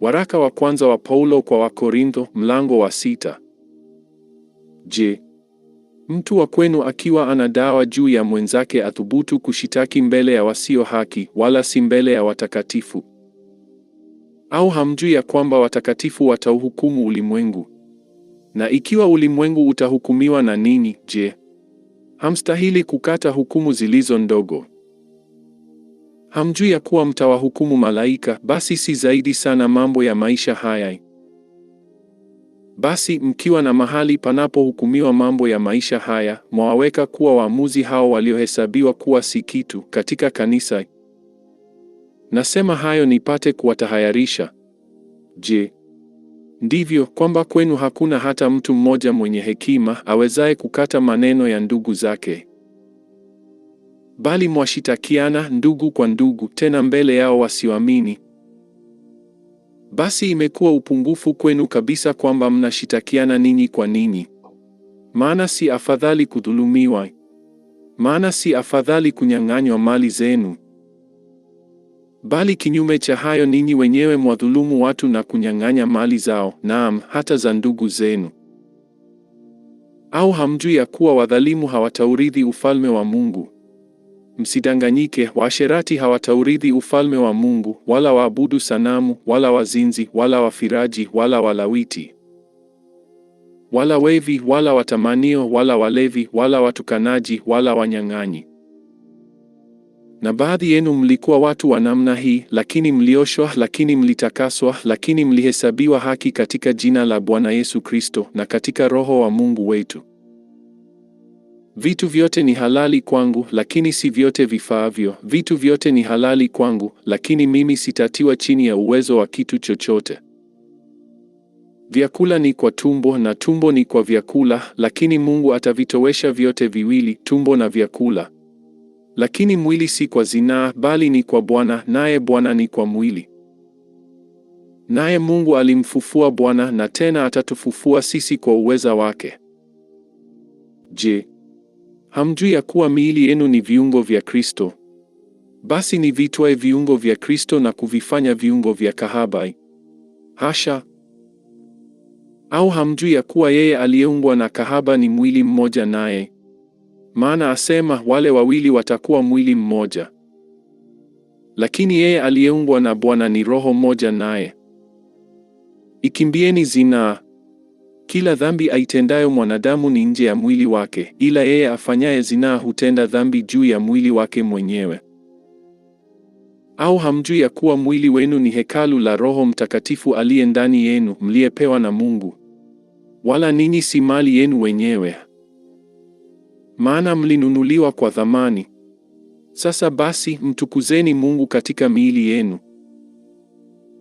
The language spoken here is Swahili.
Waraka wa kwanza wa Paulo kwa Wakorintho mlango wa sita. Je, mtu wa kwenu akiwa ana dawa juu ya mwenzake athubutu kushitaki mbele ya wasio haki, wala si mbele ya watakatifu? Au hamjui ya kwamba watakatifu watauhukumu ulimwengu? Na ikiwa ulimwengu utahukumiwa na nini je, hamstahili kukata hukumu zilizo ndogo? Hamjui ya kuwa mtawahukumu malaika? Basi si zaidi sana mambo ya maisha haya? Basi mkiwa na mahali panapohukumiwa mambo ya maisha haya, mwawaweka kuwa waamuzi hao waliohesabiwa kuwa si kitu katika kanisa. Nasema hayo nipate kuwatahayarisha. Je, ndivyo kwamba kwenu hakuna hata mtu mmoja mwenye hekima awezaye kukata maneno ya ndugu zake? bali mwashitakiana ndugu kwa ndugu, tena mbele yao wasioamini. Basi imekuwa upungufu kwenu kabisa kwamba mnashitakiana ninyi kwa ninyi. Maana si afadhali kudhulumiwa? Maana si afadhali kunyang'anywa mali zenu? Bali kinyume cha hayo, ninyi wenyewe mwadhulumu watu na kunyang'anya mali zao, naam, hata za ndugu zenu. Au hamjui ya kuwa wadhalimu hawataurithi ufalme wa Mungu? Msidanganyike, waasherati hawataurithi ufalme wa Mungu, wala waabudu sanamu, wala wazinzi, wala wafiraji, wala walawiti, wala wevi, wala watamanio, wala walevi, wala watukanaji, wala wanyang'anyi. Na baadhi yenu mlikuwa watu wa namna hii, lakini mlioshwa, lakini mlitakaswa, lakini mlihesabiwa haki katika jina la Bwana Yesu Kristo na katika Roho wa Mungu wetu. Vitu vyote ni halali kwangu, lakini si vyote vifaavyo. Vitu vyote ni halali kwangu, lakini mimi sitatiwa chini ya uwezo wa kitu chochote. Vyakula ni kwa tumbo na tumbo ni kwa vyakula, lakini Mungu atavitowesha vyote viwili, tumbo na vyakula. Lakini mwili si kwa zinaa, bali ni kwa Bwana, naye Bwana ni kwa mwili. Naye Mungu alimfufua Bwana, na tena atatufufua sisi kwa uweza wake. Je, Hamjui ya kuwa miili yenu ni viungo vya Kristo? Basi ni vitwae viungo vya Kristo na kuvifanya viungo vya kahaba? Hasha! Au hamjui ya kuwa yeye aliyeungwa na kahaba ni mwili mmoja naye? Maana asema, wale wawili watakuwa mwili mmoja. Lakini yeye aliyeungwa na Bwana ni roho mmoja naye. Ikimbieni zinaa. Kila dhambi aitendayo mwanadamu ni nje ya mwili wake, ila yeye afanyaye zinaa hutenda dhambi juu ya mwili wake mwenyewe. Au hamjui ya kuwa mwili wenu ni hekalu la Roho Mtakatifu aliye ndani yenu, mliyepewa na Mungu, wala ninyi si mali yenu wenyewe, maana mlinunuliwa kwa thamani? Sasa basi, mtukuzeni Mungu katika miili yenu.